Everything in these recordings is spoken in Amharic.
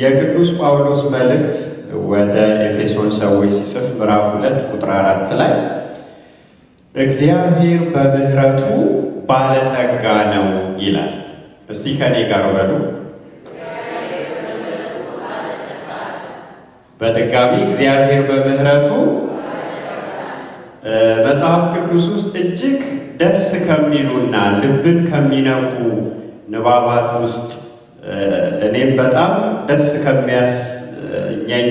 የቅዱስ ጳውሎስ መልእክት ወደ ኤፌሶን ሰዎች ሲጽፍ ምዕራፍ ሁለት ቁጥር አራት ላይ እግዚአብሔር በምሕረቱ ባለጸጋ ነው ይላል። እስቲ ከኔ ጋር በሉ። በድጋሚ እግዚአብሔር በምሕረቱ መጽሐፍ ቅዱስ ውስጥ እጅግ ደስ ከሚሉና ልብን ከሚነኩ ንባባት ውስጥ እኔም በጣም ደስ ከሚያስኛኝ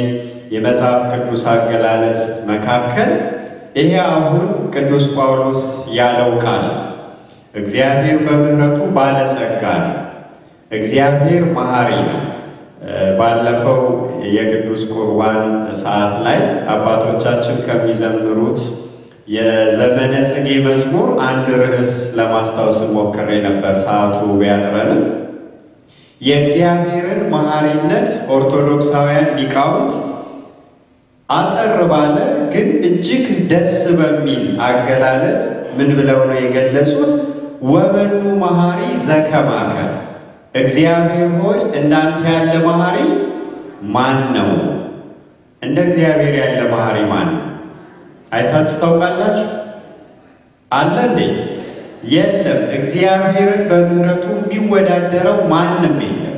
የመጽሐፍ ቅዱስ አገላለጽ መካከል ይሄ አሁን ቅዱስ ጳውሎስ ያለው ቃል እግዚአብሔር በምሕረቱ ባለጸጋ ነው። እግዚአብሔር መሐሪ ነው። ባለፈው የቅዱስ ቁርባን ሰዓት ላይ አባቶቻችን ከሚዘምሩት የዘመነ ጽጌ መዝሙር አንድ ርዕስ ለማስታወስ ሞክሬ ነበር ሰዓቱ ቢያጥረንም የእግዚአብሔርን መሐሪነት ኦርቶዶክሳውያን ሊቃውንት አጠር ባለ ግን እጅግ ደስ በሚል አገላለጽ ምን ብለው ነው የገለጹት? ወመኑ መሐሪ ዘከማከ፣ እግዚአብሔር ሆይ እንዳንተ ያለ መሐሪ ማን ነው? እንደ እግዚአብሔር ያለ መሐሪ ማን ነው? አይታችሁ ታውቃላችሁ? አለ እንዴ? የለም። እግዚአብሔርን በምህረቱ የሚወዳደረው ማንም የለም።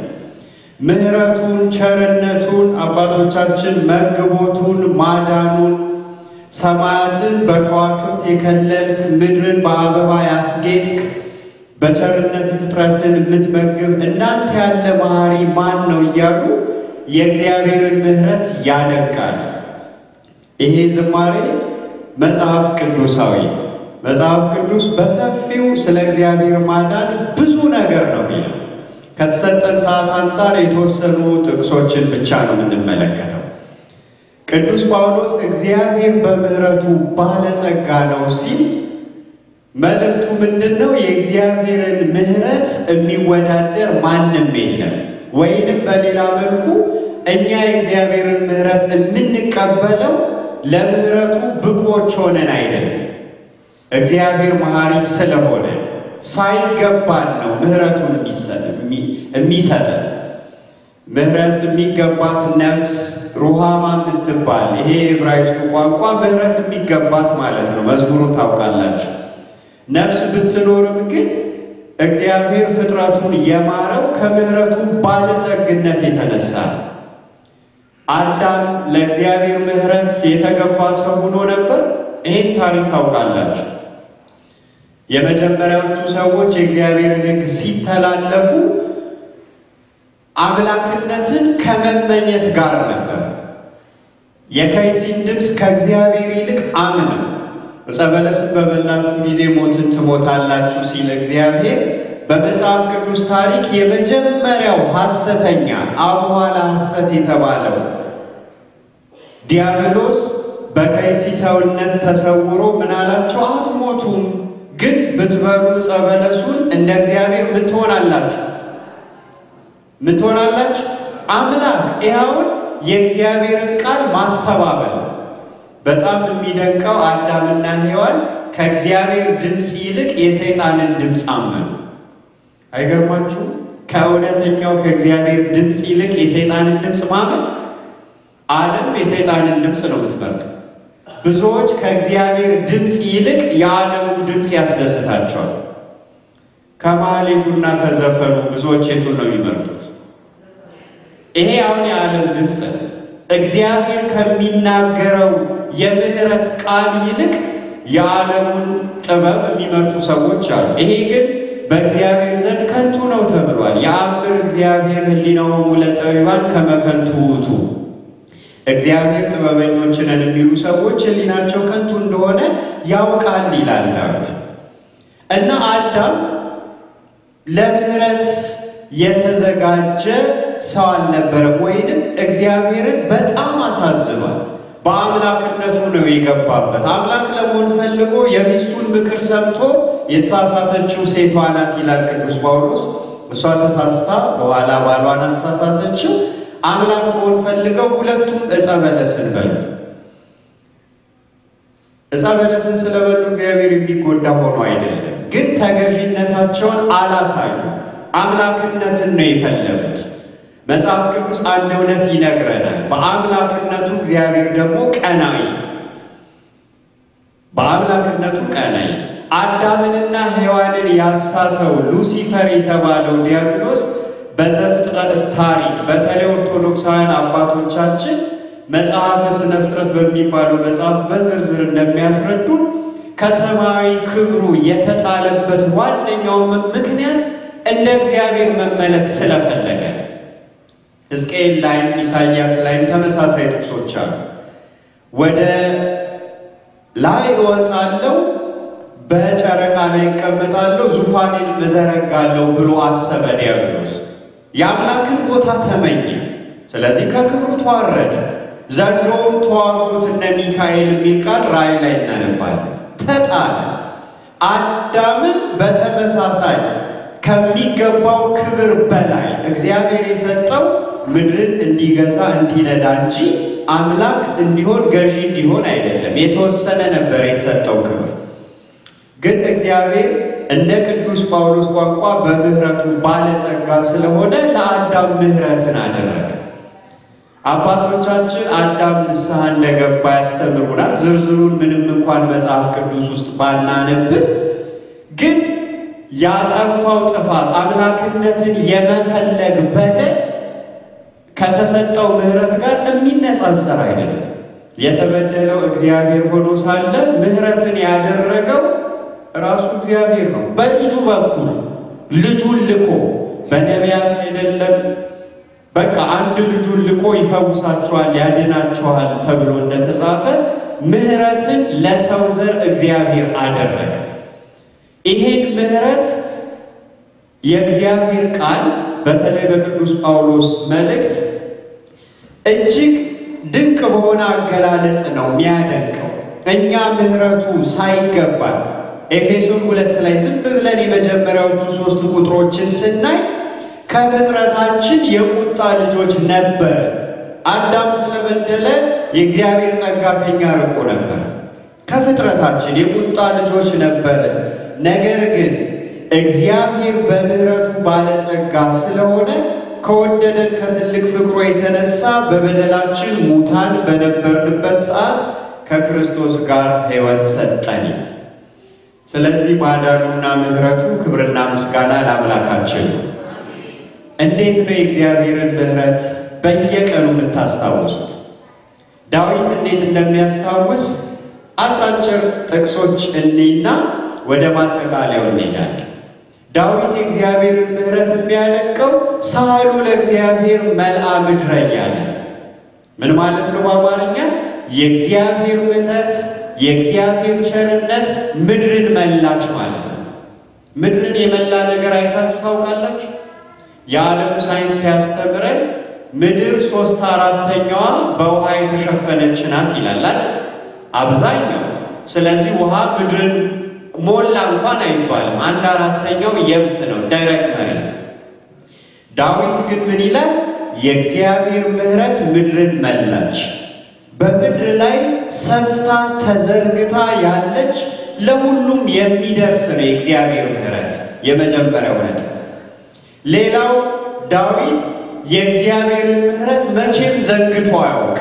ምህረቱን፣ ቸርነቱን፣ አባቶቻችን መግቦቱን፣ ማዳኑን፣ ሰማያትን በከዋክብት የከለልክ፣ ምድርን በአበባ ያስጌጥክ፣ በቸርነት ፍጥረትን የምትመግብ እናንተ ያለ መሐሪ ማን ነው እያሉ የእግዚአብሔርን ምህረት ያደንቃል። ይሄ ዝማሬ መጽሐፍ ቅዱሳዊ ነው መጽሐፍ ቅዱስ በሰፊው ስለ እግዚአብሔር ማዳን ብዙ ነገር ነው የሚለው። ከተሰጠን ሰዓት አንጻር የተወሰኑ ጥቅሶችን ብቻ ነው የምንመለከተው። ቅዱስ ጳውሎስ እግዚአብሔር በምሕረቱ ባለጸጋ ነው ሲል መልእክቱ ምንድን ነው? የእግዚአብሔርን ምሕረት የሚወዳደር ማንም የለም። ወይንም በሌላ መልኩ እኛ የእግዚአብሔርን ምሕረት የምንቀበለው ለምሕረቱ ብቆች ሆነን አይደለም። እግዚአብሔር መሐሪ ስለሆነ ሳይገባን ነው ምህረቱን የሚሰጠን። ምህረት የሚገባት ነፍስ ሩሃማ የምትባል ይሄ የዕብራይስጡ ቋንቋ ምህረት የሚገባት ማለት ነው። መዝሙሩን ታውቃላችሁ። ነፍስ ብትኖርም ግን እግዚአብሔር ፍጥረቱን የማረው ከምህረቱ ባለጸግነት የተነሳ አዳም ለእግዚአብሔር ምህረት የተገባ ሰው ሆኖ ነበር። ይህን ታሪክ ታውቃላችሁ። የመጀመሪያዎቹ ሰዎች የእግዚአብሔርን ሕግ ሲተላለፉ አምላክነትን ከመመኘት ጋር ነበር። የከይሲን ድምፅ ከእግዚአብሔር ይልቅ አምን እጸበለስን በበላችሁ ጊዜ ሞትን ትሞታላችሁ ሲል እግዚአብሔር በመጽሐፍ ቅዱስ ታሪክ የመጀመሪያው ሐሰተኛ አቡኋላ ሐሰት የተባለው ዲያብሎስ በከይሲ ሰውነት ተሰውሮ ምናላቸው አትሞቱም ግን ብትበሉ ዕፀ በለሱን እንደ እግዚአብሔር ምን ትሆናላችሁ? ምን ትሆናላችሁ? አምላክ። ይኸውን የእግዚአብሔርን ቃል ማስተባበል በጣም የሚደንቀው አዳምና ሔዋን ከእግዚአብሔር ድምፅ ይልቅ የሰይጣንን ድምፅ አመኑ። አይገርማችሁ? ከእውነተኛው ከእግዚአብሔር ድምፅ ይልቅ የሰይጣንን ድምፅ ማመን። ዓለም የሰይጣንን ድምፅ ነው የምትመርጠው። ብዙዎች ከእግዚአብሔር ድምፅ ይልቅ የዓለሙ ድምፅ ያስደስታቸዋል። ከማህሌቱና ከዘፈኑ ብዙዎች የቱን ነው የሚመርጡት? ይሄ አሁን የዓለም ድምፅ እግዚአብሔር ከሚናገረው የምህረት ቃል ይልቅ የዓለሙን ጥበብ የሚመርጡ ሰዎች አሉ። ይሄ ግን በእግዚአብሔር ዘንድ ከንቱ ነው ተብሏል። የአምር እግዚአብሔር ህሊናሆሙ ለጠቢባን ከመከንቱ ውእቱ እግዚአብሔር ጥበበኞችንን የሚሉ ሰዎች ሕሊናቸው ከንቱ እንደሆነ ያውቃል ይላል ዳዊት። እና አዳም ለምህረት የተዘጋጀ ሰው አልነበረም፣ ወይንም እግዚአብሔርን በጣም አሳዝኗል። በአምላክነቱ ነው የገባበት። አምላክ ለመሆን ፈልጎ የሚስቱን ምክር ሰምቶ የተሳሳተችው ሴቷ ናት ይላል ቅዱስ ጳውሎስ። እሷ ተሳስታ በኋላ ባሏን አሳሳተችው። አምላክ መሆን ፈልገው ሁለቱም ዕፀ በለስን በሉ። ዕፀ በለስን ስለበሉ እግዚአብሔር የሚጎዳ ሆኖ አይደለም፣ ግን ተገዥነታቸውን አላሳዩ። አምላክነትን ነው የፈለጉት። መጽሐፍ ቅዱስ አንድ እውነት ይነግረናል። በአምላክነቱ እግዚአብሔር ደግሞ ቀናይ፣ በአምላክነቱ ቀናይ አዳምንና ሔዋንን ያሳተው ሉሲፈር የተባለው ዲያብሎስ በዘፍጥረት ታሪክ በተለይ ኦርቶዶክሳውያን አባቶቻችን መጽሐፈ ስነ ፍጥረት በሚባለው መጽሐፍ በዝርዝር እንደሚያስረዱ ከሰማያዊ ክብሩ የተጣለበት ዋነኛው ምክንያት እንደ እግዚአብሔር መመለክ ስለፈለገ ሕዝቅኤል ላይም ኢሳያስ ላይም ተመሳሳይ ጥቅሶች አሉ። ወደ ላይ እወጣለሁ፣ በጨረቃ ላይ ይቀመጣለሁ፣ ዙፋኔን እዘረጋለሁ ብሎ አሰበ ዲያብሎስ። የአምላክን ቦታ ተመኘ። ስለዚህ ከክብሩ ተዋረደ። ዘንዶውን ተዋጉት እነ ሚካኤል የሚል ቃል ራእይ ላይ እናነባለን። ተጣለ። አዳምን በተመሳሳይ ከሚገባው ክብር በላይ እግዚአብሔር የሰጠው ምድርን እንዲገዛ እንዲነዳ እንጂ አምላክ እንዲሆን ገዢ እንዲሆን አይደለም። የተወሰነ ነበር የሰጠው ክብር ግን እግዚአብሔር እንደ ቅዱስ ጳውሎስ ቋንቋ በምህረቱ ባለጸጋ ስለሆነ ለአዳም ምህረትን አደረገ። አባቶቻችን አዳም ንስሐ እንደገባ ያስተምሩናል። ዝርዝሩን ምንም እንኳን መጽሐፍ ቅዱስ ውስጥ ባናነብን ግን ያጠፋው ጥፋት አምላክነትን የመፈለግ በደል ከተሰጠው ምህረት ጋር የሚነጻጸር አይደለም። የተበደለው እግዚአብሔር ሆኖ ሳለ ምህረትን ያደረገው ራሱ እግዚአብሔር ነው። በልጁ በኩል ልጁን ልኮ በነቢያት አይደለም በቃ አንድ ልጁን ልኮ ይፈውሳችኋል፣ ያድናችኋል ተብሎ እንደተጻፈ ምህረትን ለሰው ዘር እግዚአብሔር አደረገ። ይሄን ምህረት የእግዚአብሔር ቃል በተለይ በቅዱስ ጳውሎስ መልእክት እጅግ ድንቅ በሆነ አገላለጽ ነው የሚያደንቀው። እኛ ምህረቱ ሳይገባል ኤፌሶን ሁለት ላይ ዝም ብለን የመጀመሪያዎቹ ሶስት ቁጥሮችን ስናይ ከፍጥረታችን የቁጣ ልጆች ነበር። አዳም ስለበደለ የእግዚአብሔር ጸጋ ከኛ ርቆ ነበር። ከፍጥረታችን የቁጣ ልጆች ነበር። ነገር ግን እግዚአብሔር በምሕረቱ ባለጸጋ ስለሆነ ከወደደን ከትልቅ ፍቅሮ የተነሳ በበደላችን ሙታን በነበርንበት ሰዓት ከክርስቶስ ጋር ሕይወት ሰጠን። ስለዚህ ማዳኑና ምሕረቱ ክብርና ምስጋና ለአምላካችን። እንዴት ነው የእግዚአብሔርን ምሕረት በየቀኑ የምታስታውሱት? ዳዊት እንዴት እንደሚያስታውስ አጫጭር ጥቅሶች እንይና ወደ ማጠቃለያው እንሄዳለን። ዳዊት የእግዚአብሔርን ምሕረት የሚያደንቀው ሳሉ ለእግዚአብሔር መልአ ምድረ እያለ ምን ማለት ነው? በአማርኛ የእግዚአብሔር ምሕረት የእግዚአብሔር ቸርነት ምድርን መላች ማለት ነው። ምድርን የመላ ነገር አይታችሁ ታውቃላችሁ? የዓለም ሳይንስ ሲያስተምረን ምድር ሶስት አራተኛዋ በውሃ የተሸፈነች ናት ይላላል። አብዛኛው ስለዚህ ውሃ ምድርን ሞላ እንኳን አይባልም። አንድ አራተኛው የብስ ነው፣ ደረቅ መሬት። ዳዊት ግን ምን ይላል? የእግዚአብሔር ምሕረት ምድርን መላች በምድር ላይ ሰፍታ ተዘርግታ ያለች ለሁሉም የሚደርስ ነው የእግዚአብሔር ምሕረት። የመጀመሪያው ነጥብ። ሌላው ዳዊት የእግዚአብሔርን ምሕረት መቼም ዘንግቶ አያውቅ።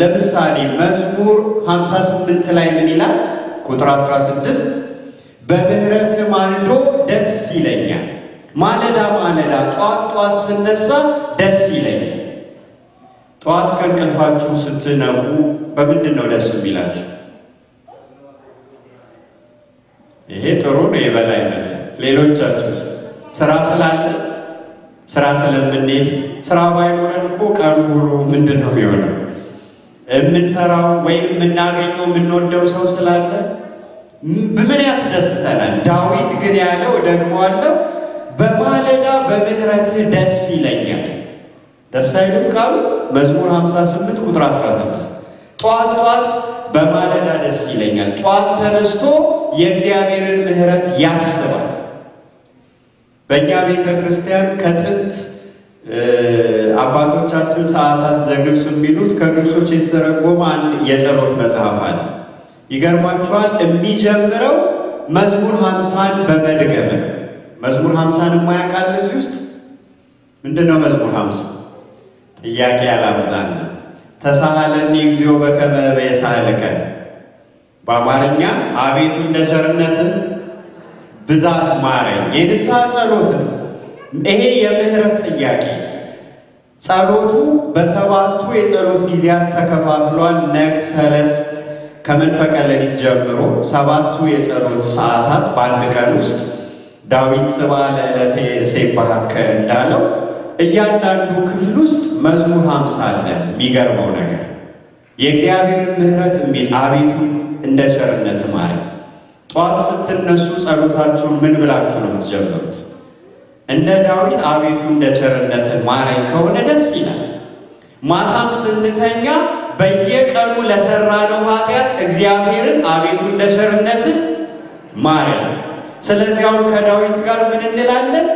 ለምሳሌ መዝሙር 58 ላይ ምን ይላል? ቁጥር 16 በምሕረት ማልዶ ደስ ይለኛል፣ ማለዳ ማለዳ ጧት ጧት ስነሳ ደስ ይለኛል ጠዋት ከእንቅልፋችሁ ስትነቁ በምንድን ነው ደስ የሚላችሁ? ይሄ ጥሩ ነው፣ የበላይነት። ሌሎቻችሁስ ስራ ስላለ ስራ ስለምንሄድ ስራ ባይኖረን እኮ ቀኑ ሁሉ ምንድን ነው የሚሆነው? የምንሰራው ወይም የምናገኘው የምንወደው ሰው ስላለ ምን ያስደስተናል? ዳዊት ግን ያለው ደግሞዋለው፣ በማለዳ በምህረትህ ደስ ይለኛል። ደስ አይልም ቃሉ መዝሙር 58 ቁጥር 16 ጧት ጧት በማለዳ ደስ ይለኛል። ጧት ተነስቶ የእግዚአብሔርን ምሕረት ያስባል። በእኛ ቤተ ክርስቲያን ከጥንት አባቶቻችን ሰዓታት ዘግብስ የሚሉት ከግብሶች የተተረጎመ አንድ የጸሎት መጽሐፍ አለ። ይገርማችኋል፣ የሚጀምረው መዝሙር ሀምሳን በመድገም መዝሙር ሀምሳን የማያውቃል እዚህ ውስጥ ምንድን ነው መዝሙር ሀምሳ ጥያቄ ያላብዛን። ተሳሃለኒ እግዚኦ በከመ በየሳህልከ በአማርኛ አቤቱ እንደ ቸርነትን ብዛት ማረኝ። የንስሐ ጸሎት ነው ይሄ የምህረት ጥያቄ። ጸሎቱ በሰባቱ የጸሎት ጊዜያት ተከፋፍሏል። ነግ ሰለስት ከመንፈቀ ሌሊት ጀምሮ ሰባቱ የጸሎት ሰዓታት በአንድ ቀን ውስጥ ዳዊት ስብሐ ለዕለቴ ሴባሃከ እንዳለው እያንዳንዱ ክፍል ውስጥ መዝሙር ሀምሳ አለ። የሚገርመው ነገር የእግዚአብሔርን ምሕረት የሚል አቤቱ እንደ ቸርነት ማረ። ጠዋት ስትነሱ ጸሎታችሁን ምን ብላችሁ ነው የምትጀምሩት? እንደ ዳዊት አቤቱ እንደ ቸርነት ማረኝ ከሆነ ደስ ይላል። ማታም ስንተኛ በየቀኑ ለሰራነው ኃጢአት እግዚአብሔርን አቤቱ እንደ ቸርነት ማረን። ስለዚህ አሁን ከዳዊት ጋር ምን እንላለን?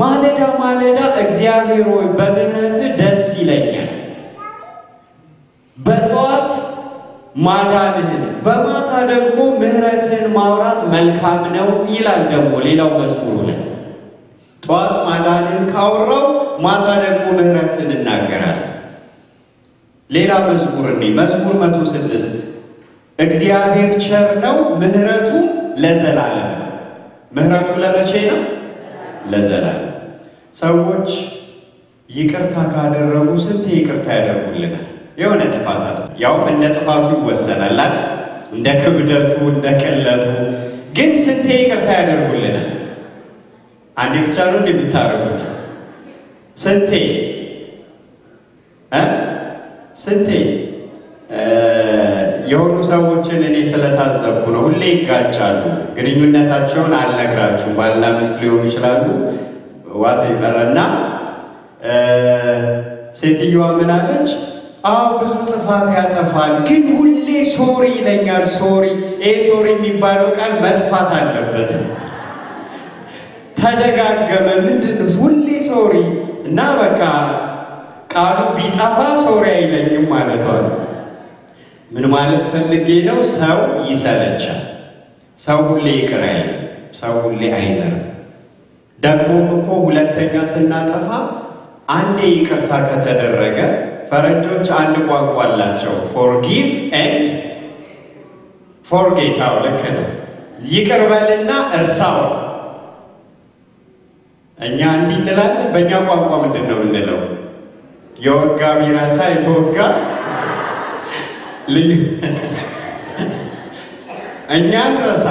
ማለዳ ማለዳ እግዚአብሔር ሆይ በምሕረትህ ደስ ይለኛል። በጠዋት ማዳንህን በማታ ደግሞ ምህረትን ማውራት መልካም ነው ይላል። ደግሞ ሌላው መዝሙሩ ላይ ጠዋት ማዳንህን ካወራው ማታ ደግሞ ምህረትን እናገራለን። ሌላ መዝሙር እኔ መዝሙር መቶ ስድስት እግዚአብሔር ቸር ነው፣ ምህረቱ ለዘላለም ምህረቱ ለመቼ ነው? ለዘላለም። ሰዎች ይቅርታ ካደረጉ ስንት ይቅርታ ያደርጉልናል። የሆነ ጥፋታት ያውም እንደ ጥፋቱ ይወሰናል፣ እንደ ክብደቱ፣ እንደ ቅለቱ። ግን ስንቴ ይቅርታ ያደርጉልናል? አንዴ ብቻ ነው እንደ ስንቴ ስንቴ የሆኑ ሰዎችን እኔ ስለታዘብኩ ነው። ሁሌ ይጋጫሉ። ግንኙነታቸውን አልነግራችሁም። ባልና ሚስት ሊሆኑ ይችላሉ። ዋት እና ሴትዮዋ ምን አለች? አዎ ብዙ ጥፋት ያጠፋል፣ ግን ሁሌ ሶሪ ይለኛል። ሶሪ ይህ ሶሪ የሚባለው ቃል መጥፋት አለበት። ተደጋገመ። ምንድን ሁሌ ሶሪ እና በቃ ቃሉ ቢጠፋ ሶሪ አይለኝም ማለቷል። ምን ማለት ፈልጌ ነው? ሰው ይሰለቻል። ሰው ሁሌ ይቅር አይልም። ሰው ሁሌ አይምርም። ደግሞም እኮ ሁለተኛ ስናጠፋ አንዴ ይቅርታ ከተደረገ ፈረንጆች አንድ ቋንቋ አላቸው፣ ፎርጊቭ ኤንድ ፎርጌታው። ልክ ነው። ይቅር በልና እርሳው። እኛ እንዲህ እንላለን። በእኛ ቋንቋ ምንድን ነው የምንለው? የወጋ ቢረሳ የተወጋ ልዩ እኛ እንረሳ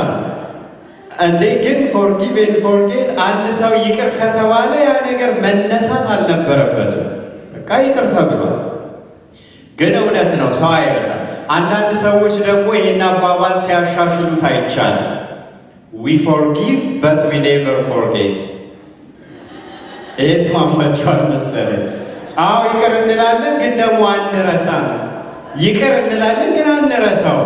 እንዴ ግን ፎርጊቭ ኤንድ ፎርጌት አንድ ሰው ይቅር ከተባለ ያ ነገር መነሳት አልነበረበትም። በቃ ይቅር ተብሏል። ግን እውነት ነው ሰው አይረሳም። አንዳንድ ሰዎች ደግሞ ይህን አባባል ሲያሻሽሉት አይቻል ዊ ፎርጊቭ በት ዊ ኔቨር ፎርጌት። ይህ ስማማችኋል መሰለኝ። አዎ ይቅር እንላለን ግን ደግሞ አንረሳም። ይቅር እንላለን ግን አንረሳው።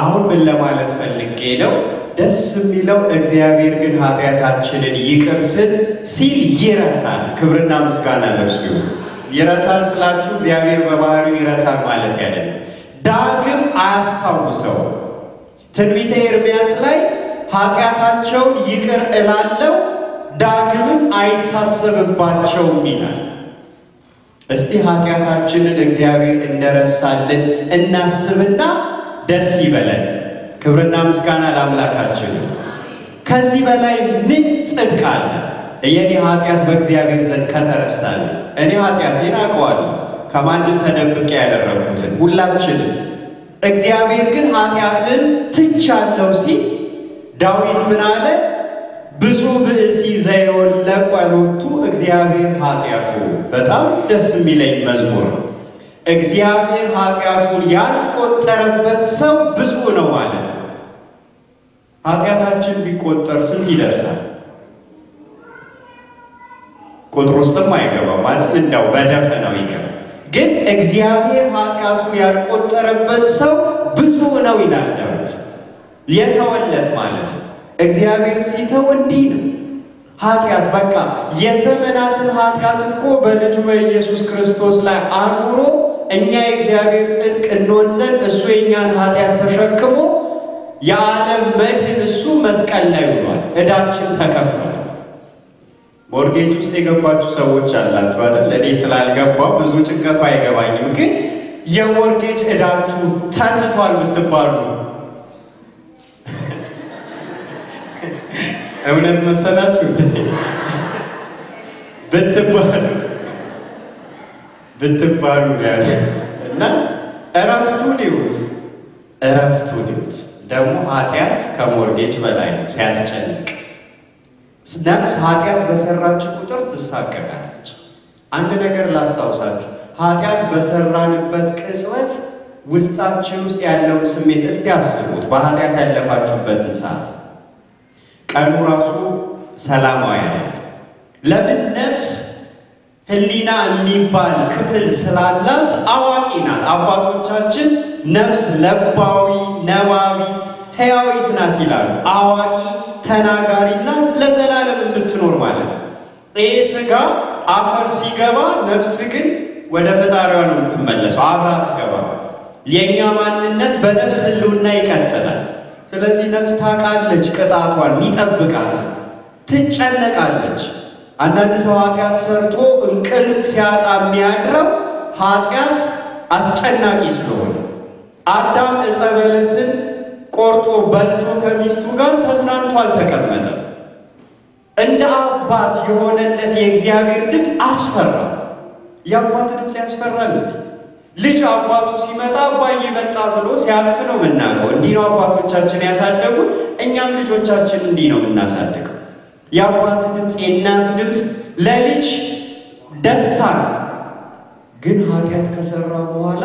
አሁን ምን ለማለት ፈልጌ ነው? ደስ የሚለው እግዚአብሔር ግን ኃጢአታችንን ይቅር ስል ሲል ይረሳል። ክብርና ምስጋና ለእርሱ ይሁን። ይረሳል ስላችሁ እግዚአብሔር በባህሪው ይረሳል ማለት ያለን ዳግም አያስታውሰው። ትንቢተ ኤርምያስ ላይ ኃጢአታቸውን ይቅር እላለው ዳግምም አይታሰብባቸውም ይላል። እስቲ ኃጢአታችንን እግዚአብሔር እንደረሳልን እናስብና ደስ ይበለን። ክብርና ምስጋና ለአምላካችን። ከዚህ በላይ ምን ጽድቅ አለ? የእኔ ኃጢአት በእግዚአብሔር ዘንድ ከተረሳል፣ እኔ ኃጢአቴን አውቀዋለሁ ከማንም ተደብቄ ያደረጉትን ሁላችንም። እግዚአብሔር ግን ኃጢአትን ትቻለሁ ሲል ዳዊት ምን አለ? ብዙ ብእሲ ዘየወለቀ ሎቱ እግዚአብሔር ኃጢአቱ። በጣም ደስ የሚለኝ መዝሙር እግዚአብሔር ኃጢአቱን ያልቆጠረበት ሰው ብዙ ነው ማለት ነው። ኃጢአታችን ቢቆጠር ስንት ይደርሳል? ቁጥሩ ስም አይገባ ማለት እንዳው ነው ይቀር። ግን እግዚአብሔር ኃጢአቱን ያልቆጠረበት ሰው ብዙ ነው ይላል ዳዊት። የተወለት ማለት ነው እግዚአብሔር ሲተው እንዲህ ነው። ኃጢአት በቃ የዘመናትን ኃጢአት እኮ በልጁ በኢየሱስ ክርስቶስ ላይ አኑሮ እኛ የእግዚአብሔር ጽድቅ እንሆን ዘንድ እሱ የእኛን ኃጢአት ተሸክሞ የዓለም መድን እሱ መስቀል ላይ ውሏል። እዳችን ተከፍሏል። ሞርጌጅ ውስጥ የገባችሁ ሰዎች አላችሁ አይደል? እኔ ስላልገባው ብዙ ጭንቀቱ አይገባኝም፣ ግን የሞርጌጅ እዳችሁ ተትቷል ብትባሉ እውነት መሰላችሁ ብትባሉ ብትባሉ ያለ እና እረፍቱን ይዩት፣ እረፍቱን ይዩት። ደግሞ ኃጢአት ከሞርጌጅ በላይ ነው። ሲያስጨንቅ ነፍስ ኃጢአት በሰራች ቁጥር ትሳቀቃለች። አንድ ነገር ላስታውሳችሁ፣ ኃጢአት በሰራንበት ቅጽበት ውስጣችን ውስጥ ያለውን ስሜት እስቲ አስቡት። በኃጢአት ያለፋችሁበትን ሰዓት ቀኑ ራሱ ሰላማዊ አይደለም። ለምን? ነፍስ ህሊና የሚባል ክፍል ስላላት አዋቂ ናት። አባቶቻችን ነፍስ ለባዊ፣ ነባቢት፣ ህያዊት ናት ይላሉ። አዋቂ ተናጋሪና ለዘላለም የምትኖር ማለት ነው። ይህ ስጋ አፈር ሲገባ ነፍስ ግን ወደ ፈጣሪዋ ነው የምትመለሰው፣ አብራ ትገባ። የእኛ ማንነት በነፍስ ህልውና ይቀጥላል። ስለዚህ ነፍስ ታውቃለች ቅጣቷን ይጠብቃት፣ ትጨነቃለች። አንዳንድ ሰው ኃጢአት ሰርቶ እንቅልፍ ሲያጣ የሚያድረው ኃጢአት አስጨናቂ ስለሆነ አዳም ዕፀ በለስን ቆርጦ በልቶ ከሚስቱ ጋር ተዝናንቶ አልተቀመጠም። እንደ አባት የሆነለት የእግዚአብሔር ድምፅ አስፈራ። የአባት ድምፅ ያስፈራል። ልጅ አባቱ ሲመጣ አባዬ መጣ ብሎ ሲያልፍ ነው የምናውቀው። እንዲህ ነው አባቶቻችን ያሳደጉ እኛም ልጆቻችን እንዲህ ነው የምናሳድገው። የአባት ድምፅ፣ የእናት ድምፅ ለልጅ ደስታ ነው። ግን ኃጢአት ከሰራ በኋላ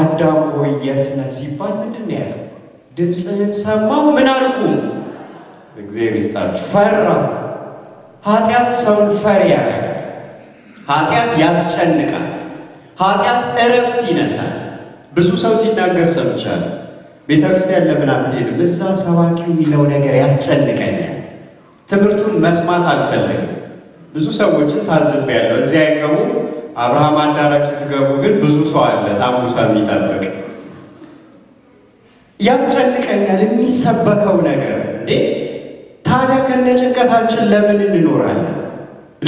አዳም ሆይ የት ነህ ሲባል ምንድን ነው ያለው? ድምፅህን ሰማሁ ምን አልኩ? እግዚአብሔር ይስጣችሁ ፈራ። ኃጢአት ሰውን ፈሪ ያደርጋል። ኃጢአት ያስጨንቃል። ኃጢአት እረፍት ይነሳል። ብዙ ሰው ሲናገር ሰምቻለሁ። ቤተ ክርስቲያን ለምን አትሄድም? እዛ ሰባኪው የሚለው ነገር ያስጨንቀኛል። ትምህርቱን መስማት አልፈልግም። ብዙ ሰዎችን ታዝቤያለሁ። እዚያ አይገቡ አብርሃም አዳራሽ ስትገቡ ግን ብዙ ሰው አለ ሳሙሳ የሚጠብቅ ያስጨንቀኛል። የሚሰበከው ነገር እንዴ! ታዲያ ከነጭንቀታችን ለምን እንኖራለን?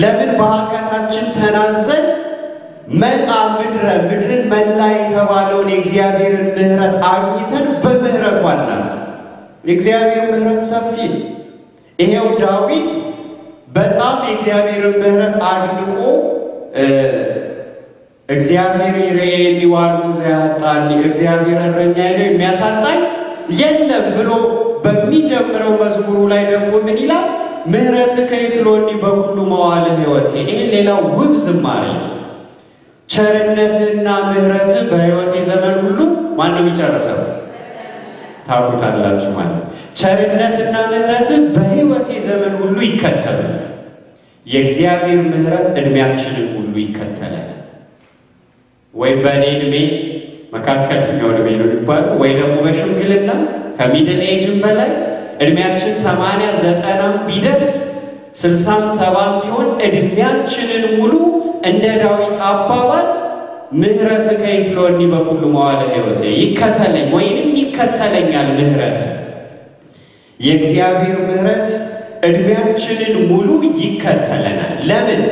ለምን በኃጢአታችን ተናዘን መጣ ምድረ ምድርን መላ የተባለውን የእግዚአብሔርን ምሕረት አግኝተን በምሕረቱ አናልፍ። የእግዚአብሔር ምሕረት ሰፊ ይሄው ዳዊት በጣም የእግዚአብሔርን ምሕረት አድንቆ እግዚአብሔር ይርኤኒ ዋርሙዘ ያጣኒ እግዚአብሔር እረኛ ነው የሚያሳጣኝ የለም ብሎ በሚጀምረው መዝሙሩ ላይ ደግሞ ምን ይላል? ምሕረትከ ከይትሎኒ በኩሉ መዋዕለ ሕይወቴ። ይህን ሌላው ውብ ዝማሬ ነው። ቸርነትና ምህረት በሕይወቴ ዘመን ሁሉ ማንም የሚጨርሰው? ታውቁታላችሁ ማለት ቸርነትና ምህረት በሕይወቴ ዘመን ሁሉ ይከተላል። የእግዚአብሔር ምሕረት እድሜያችንን ሁሉ ይከተላል። ወይም በእኔ እድሜ መካከለኛው ዕድሜ ነው የሚባለው ወይ ደግሞ በሽምግልና ከሚድል ኤጅም በላይ እድሜያችን ሰማንያ ዘጠና ቢደርስ ስልሳም ሰባ ቢሆን እድሜያችንን ሙሉ እንደ ዳዊት አባባል ምህረት ከይክሎኒ በኩሉ መዋለ ህይወት ይከተለኝ ወይንም ይከተለኛል ምህረት የእግዚአብሔር ምህረት እድሜያችንን ሙሉ ይከተለናል። ለምን?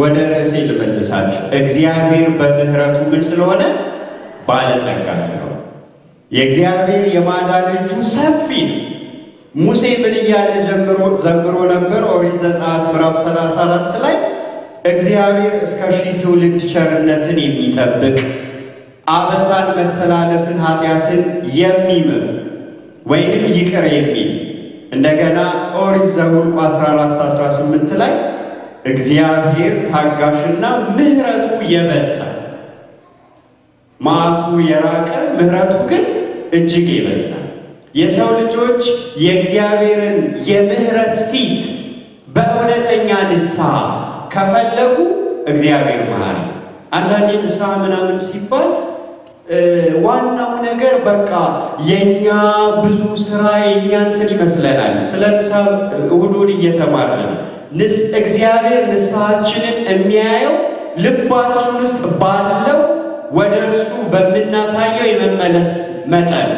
ወደ ርዕሴ ልመልሳችሁ። እግዚአብሔር በምህረቱ ምን ስለሆነ? ባለጸጋ ስለሆነ የእግዚአብሔር የማዳን እጁ ሰፊ ነው። ሙሴ ምን እያለ ጀምሮ ዘምሮ ነበር? ኦሪት ዘጸአት ምዕራፍ 34 ላይ እግዚአብሔር እስከ ሺህ ትውልድ ቸርነትን የሚጠብቅ አበሳን፣ መተላለፍን፣ ኃጢአትን የሚምር ወይንም ይቅር የሚል እንደገና ኦሪት ዘኍልቍ 14 18 ላይ እግዚአብሔር ታጋሽና ምሕረቱ የበዛ መዓቱ የራቀ ምሕረቱ ግን እጅግ የበዛ የሰው ልጆች የእግዚአብሔርን የምህረት ፊት በእውነተኛ ንስሐ ከፈለጉ እግዚአብሔር መሐሪ። አንዳንዴ ንስሐ ምናምን ሲባል ዋናው ነገር በቃ የኛ ብዙ ስራ የኛ እንትን ይመስለናል። ስለ ንስሐ እሑዱን እየተማርን ነው። እግዚአብሔር ንስሐችንን የሚያየው ልባችን ውስጥ ባለው ወደ እርሱ በምናሳየው የመመለስ መጠን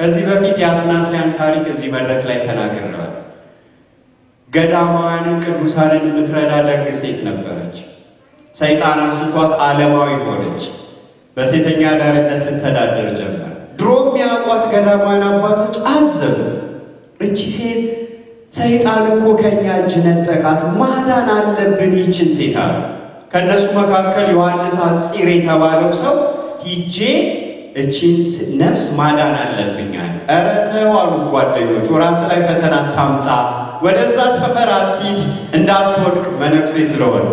ከዚህ በፊት የአትናስያን ታሪክ እዚህ መድረክ ላይ ተናግረዋል። ገዳማውያንን ቅዱሳንን የምትረዳ ደግ ሴት ነበረች። ሰይጣን አስቷት ዓለማዊ ሆነች። በሴተኛ ዳርነት ትተዳደር ጀመር። ድሮም የሚያውቋት ገዳማውያን አባቶች አዘቡ እቺ ሴት ሰይጣን እኮ ከእኛ እጅ ነጠቃት፣ ማዳን አለብን ይችን ሴት አሉ። ከእነሱ መካከል ዮሐንስ አፂር የተባለው ሰው ሂጄ እቺን ነፍስ ማዳን አለብኛል። ኧረ ተው አሉት ጓደኞቹ። ራስ ላይ ፈተና አታምጣ፣ ወደዛ ሰፈር አትሂድ፣ እንዳትወድቅ መነኩሴ ስለሆነ።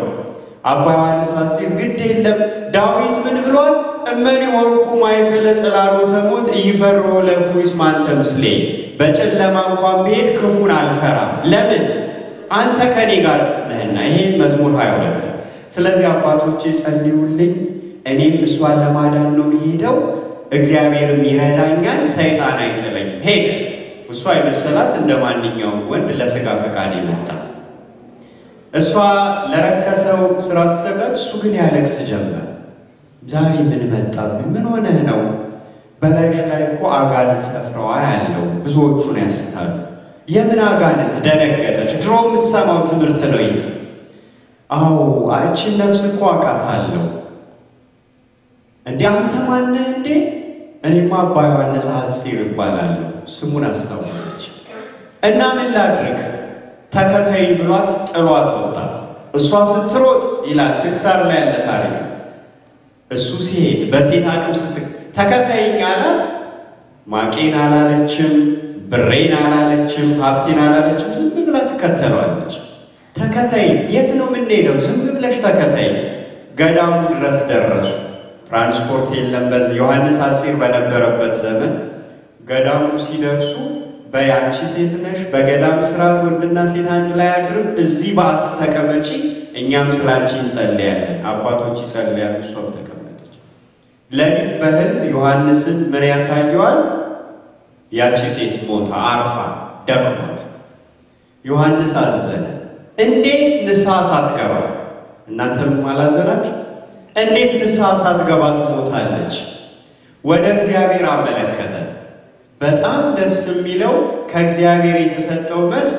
አባ ዮሐንስ አንሴት ግድ የለም ዳዊት ምን ብሏል? እመኔ ወርቁ ማይከለ ጸላሎ ተሞት እይፈሮ ለኩ ይስማንተ ምስሌ። በጨለማ እንኳን ብሄድ ክፉን አልፈራ ለምን? አንተ ከኔ ጋር ነህና። ይሄ መዝሙር 22 ስለዚህ አባቶቼ ጸልዩልኝ፣ እኔም እሷን ለማዳን ነው የሚሄደው እግዚአብሔርም ይረዳኛል፣ ሰይጣን አይጥለኝም። ሄደ። እሷ የመሰላት እንደ ማንኛውም ወንድ ለስጋ ፈቃድ ይመጣ። እሷ ለረከሰው ስራ ተሰጋ። እሱ ግን ያለቅስ ጀመር። ዛሬ ምን መጣብኝ? ምን ሆነህ ነው? በላይሽ ላይ እኮ አጋንንት ሰፍረዋ ያለው ብዙዎቹን ያስታሉ። የምን አጋንንት? ደነገጠች። ድሮ የምትሰማው ትምህርት ነው ይህ። አዎ አችን ነፍስ እኮ አውቃታለሁ። እንዲህ አንተ ማነህ እንዴ እኔማ አባ ዮሐንስ ሐፂር እባላለሁ ስሙን አስታወሰች እና ምን ላድርግ ተከተይ ብሏት ጥሏት ወጣ እሷ ስትሮጥ ይላል ስንክሳር ላይ ያለ ታሪክ እሱ ሲሄድ በሴት አቅም ስት ተከተይኝ አላት ማቄን አላለችም ብሬን አላለችም ሀብቴን አላለችም ዝም ብላ ትከተለዋለች ተከተይ የት ነው የምንሄደው ዝም ብለሽ ተከተይ ገዳሙ ድረስ ደረሱ ትራንስፖርት የለም። በዚ ዮሐንስ አፂር በነበረበት ዘመን ገዳሙ ሲደርሱ በያንቺ ሴት ነሽ፣ በገዳም ስርዓት ወንድና ሴት አንድ ላይ አድርም፣ እዚህ በአት ተቀመጪ፣ እኛም ስላንቺ እንጸልያለን። አባቶች ይጸልያሉ፣ እሷም ተቀመጠች። ለሊት በሕልም ዮሐንስን ምን ያሳየዋል? ያቺ ሴት ሞታ አርፋ ደቅሟት፣ ዮሐንስ አዘነ። እንዴት ንስሐ ሳትገባ እናንተም አላዘናችሁ? እንዴት ንስሐ ሳትገባ ትሞታለች? ወደ እግዚአብሔር አመለከተ። በጣም ደስ የሚለው ከእግዚአብሔር የተሰጠው መልስ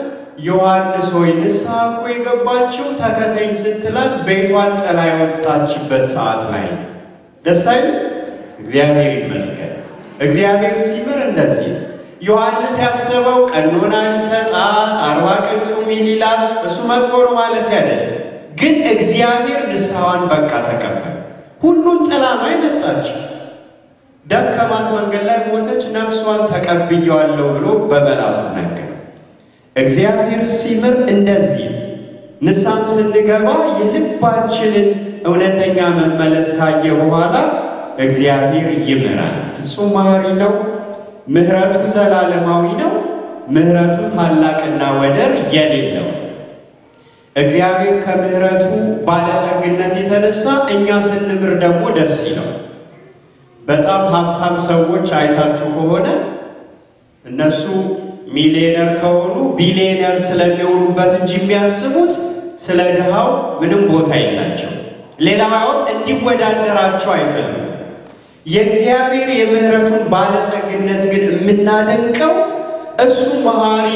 ዮሐንስ ሆይ ንስሐ እኮ የገባችው ተከተኝ ስትላት ቤቷን ጥላ የወጣችበት ሰዓት ላይ ደሳይ እግዚአብሔር ይመስገን። እግዚአብሔር ሲምር እንደዚህ ዮሐንስ ያሰበው ቀኖና ሊሰጣት አርባ ቀን ጹሚ ሊላት እሱ መጥፎ ነው ማለት አይደለም። ግን እግዚአብሔር ንስሐዋን በቃ ተቀበል። ሁሉን ጥላ ነው የመጣችው። ደከማት፣ መንገድ ላይ ሞተች። ነፍሷን ተቀብየዋለሁ ብሎ በበላሉ ነገር እግዚአብሔር ሲምር እንደዚህ ንስሐም ስንገባ የልባችንን እውነተኛ መመለስ ካየ በኋላ እግዚአብሔር ይምራል። ፍጹም መሐሪ ነው። ምሕረቱ ዘላለማዊ ነው። ምሕረቱ ታላቅና ወደር የሌለው እግዚአብሔር ከምሕረቱ ባለጸግነት የተነሳ እኛ ስንምር ደግሞ ደስ ይለው። በጣም ሀብታም ሰዎች አይታችሁ ከሆነ እነሱ ሚሊዮነር ከሆኑ ቢሊዮነር ስለሚሆኑበት እንጂ የሚያስቡት ስለ ድሃው ምንም ቦታ የላቸው። ሌላውን እንዲወዳደራቸው አይፈልጉም። የእግዚአብሔር የምሕረቱን ባለጸግነት ግን የምናደንቀው እሱ መሐሪ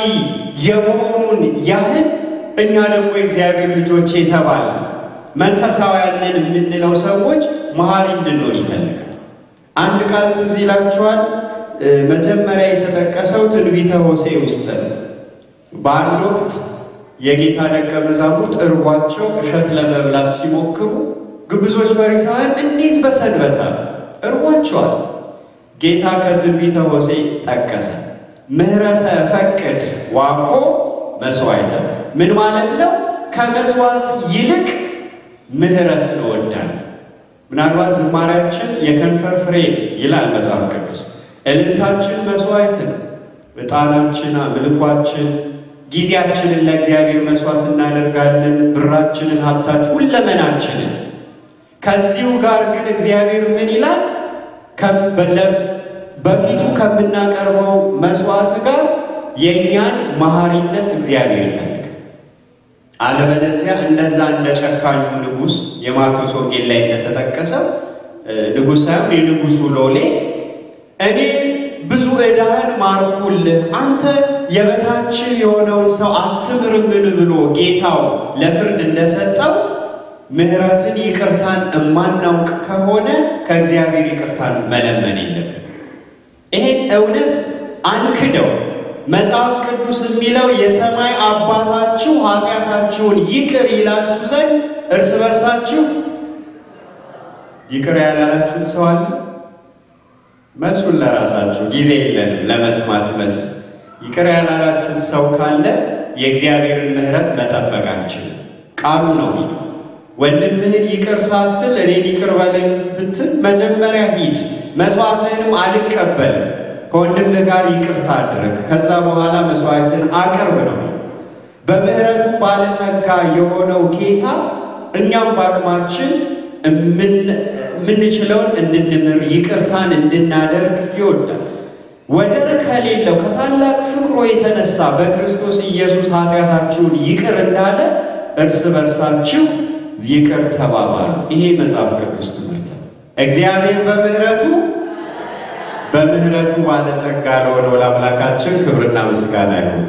የመሆኑን ያህል እኛ ደግሞ የእግዚአብሔር ልጆች የተባለ መንፈሳውያንን የምንለው ሰዎች መሀሪ እንድንሆን ይፈልጋል። አንድ ቃል ትዝ ይላችኋል። መጀመሪያ የተጠቀሰው ትንቢተ ሆሴ ውስጥ ነው። በአንድ ወቅት የጌታ ደቀ መዛሙርት እርቧቸው እሸት ለመብላት ሲሞክሩ ግብዞች ፈሪሳውያን እንዴት በሰንበታ እርቧቸዋል። ጌታ ከትንቢተ ሆሴ ጠቀሰ። ምህረተ ፈቅድ ዋቆ መስዋዕት ምን ማለት ነው? ከመስዋዕት ይልቅ ምህረትን እወዳለሁ። ምናልባት ዝማሬያችን የከንፈር ፍሬ ይላል መጽሐፍ ቅዱስ። እልልታችን መስዋዕት ነው። ዕጣናችን፣ አምልኳችን፣ ጊዜያችንን ለእግዚአብሔር መስዋዕት እናደርጋለን። ብራችንን፣ ሀብታችን፣ ሁለመናችንን። ከዚሁ ጋር ግን እግዚአብሔር ምን ይላል? በፊቱ ከምናቀርበው መስዋዕት ጋር የእኛን መሐሪነት እግዚአብሔር ይፈልግ። አለበለዚያ እንደዛ እንደ ጨካኙ ንጉሥ የማቴዎስ ወንጌል ላይ እንደተጠቀሰ ንጉሥ ሳይሆን የንጉሱ ሎሌ እኔ ብዙ ዕዳህን ማርኩልህ አንተ የበታች የሆነውን ሰው አትምርምን ብሎ ጌታው ለፍርድ እንደሰጠው ምሕረትን ይቅርታን እማናውቅ ከሆነ ከእግዚአብሔር ይቅርታን መለመን የለብን። ይሄ እውነት አንክደው። መጽሐፍ ቅዱስ የሚለው የሰማይ አባታችሁ ኃጢአታችሁን ይቅር ይላችሁ ዘንድ እርስ በርሳችሁ ይቅር ያላላችሁን ሰው አለ? መልሱን ለራሳችሁ ጊዜ የለንም ለመስማት መልስ። ይቅር ያላላችሁን ሰው ካለ የእግዚአብሔርን ምሕረት መጠበቅ አንችልም። ቃሉ ነው ወንድም ወንድምህን ይቅር ሳትል እኔን ይቅር በለኝ ብትል መጀመሪያ ሂድ መስዋዕትህንም አልቀበልም ከወንድም ጋር ይቅርታ አድርግ፣ ከዛ በኋላ መስዋዕትን አቅርብ ነው። በምሕረቱ ባለጸጋ የሆነው ጌታ እኛም በአቅማችን የምንችለውን እንድንምር ይቅርታን እንድናደርግ ይወዳል። ወደር ከሌለው ከታላቅ ፍቅሮ የተነሳ በክርስቶስ ኢየሱስ ኃጢአታችሁን ይቅር እንዳለ እርስ በርሳችሁ ይቅር ተባባሉ። ይሄ መጽሐፍ ቅዱስ ትምህርት ነው። እግዚአብሔር በምሕረቱ በምህረቱ ባለጸጋ ለሆነው ለአምላካችን ክብርና ምስጋና ይሁን።